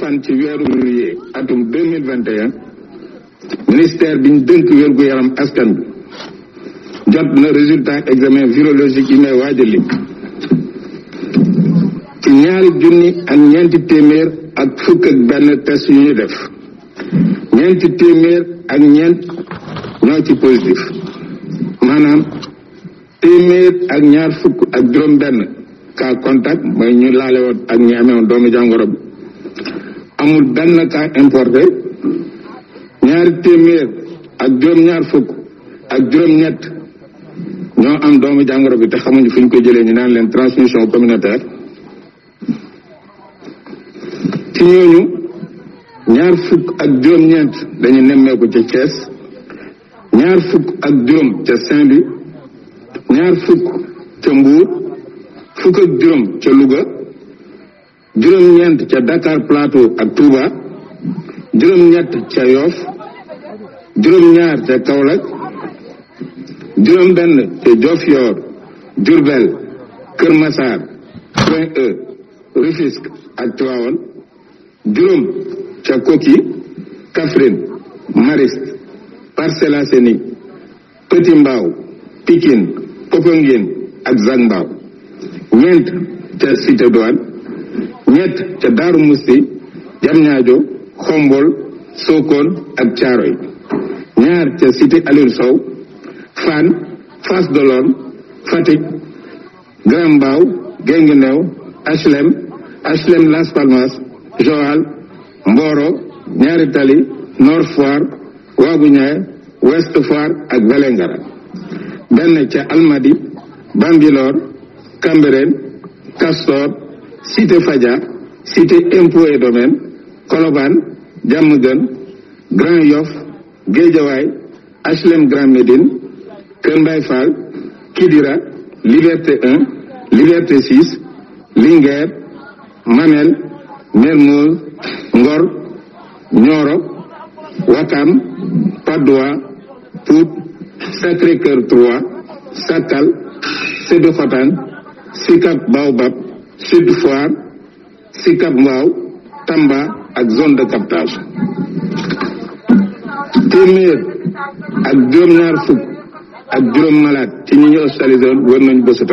fan ci weeru février atum deux mille vingt ministère bi dënk wérgu yaram askan bi jot na résultat examen virologique yi may waaj a lim ci ñaari junni ak ñeenti téeméer ak fukk ak benn test yu ñu def ñeenti téeméer ak ñeent ñoo ci positif maanaam téeméer ak ñaar fukk ak juróom benn cas contact mooy ñu laale woon ak ñi amee doomu jàngoro bi amul benn cas importé ñaari téeméer ak juróom-ñaar fukk ak juróom-ñett ñoo am doomu jàngoro bi te xamuñu fu ñu jëlee ñu naan leen transmission communautaire ci ñooñu ñaar fukk ak juróom-ñeent dañu nemmeeku ca Thiès ñaar fukk ak juróom ca Saint-Louis ñaar fukk ca Mbour fukk ak juróom ca Louga juróom-ñeent ca Dakar Plateau ak Touba juróom-ñett ca Yoff juróom-ñaar ca Kaolack juróom-benn ca Diofior Diourbel Kër Massar Point e, ak Tivaouane juróom ca Koki Kaffrine Mariste Parcelles Assainies Petit Mbao Pikine ak Zac Mbao ca Cité ñett ca Daaru Musti Jamñaajo Xombol Sokone ak Caaroy ñaar ca cité Aliou Sow Fann Fass Grand Mbao Guinguinéo HLM HLM Las Palmas Joal Mboro Ñaari Tali Nord Foire Waaguñaay Ouest Foire ak Vélingara benn ca Almadi Bambilor Cambérène Castor cité Fadia cité impôt domaine Colobane Diamaguène Grand Yoff Guédiawaye HLM Grand Médine Kër Kidira Liberté 1 Liberté 6 Linguère Mamel Mermoz Ngor Nioro Wakam Patte d'Oie Sacré-Cœur 3 Sakal Sébikotane Sicap Baobab Sud Foire Sicap Mbao Tamba ak zone de captage téeméer ak juróom-ñaar fukk ak juróom malade ci ñi ñu hospitalisé war nañu bésu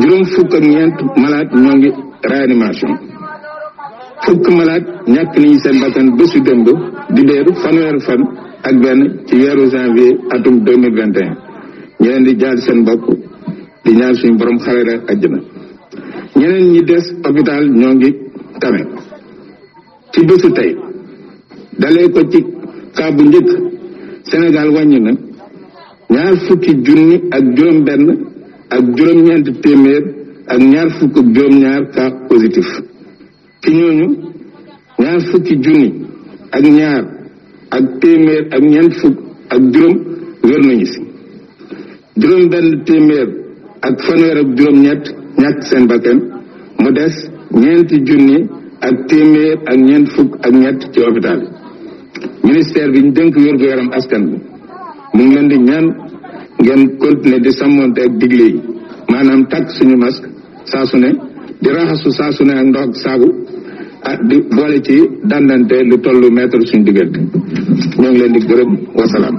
juróom fukk ak ñeent malade ñoo ngi réanimation fukk malade ñàkk nañu seen bakkan bésu démb di déeru fanweer fan ak benn ci weeru janvier atum 2021 ñu leen di jaal seen bopp di ñaan suñu borom xarale àjjana ñeneen ñi des hôpital ñoo ngi tame ci bésu tey dalee ko ci cas njëkk Sénégal wàññi ñaar fukki junni ak juróom benn ak juróom-ñeenti téeméer ak ñaar fukk juróom-ñaar cas positif ci ñooñu ñaar fukki junni ak ñaar ak téeméer ak ñeent fukk ak juróom wér nañu si juróom benn téeméer ak fanweer ak juróom-ñett ñàkk seen bakken mu des ñeenti junni ak téeméer ak ñeent fukk ak ñett ci hôpital bi ministère bi ñu dënk wérgu yaram askan bi mu ngi leen di ñaan ngeen continuer di sàmmonte ak digle yi maanaam takk suñu masque saa ne di raxasu saasu ne ak ndox ak saabu ah, di boole ci dandante lu tollu mètre suñu diggante ñoo ngi leen di gërëm wasalaam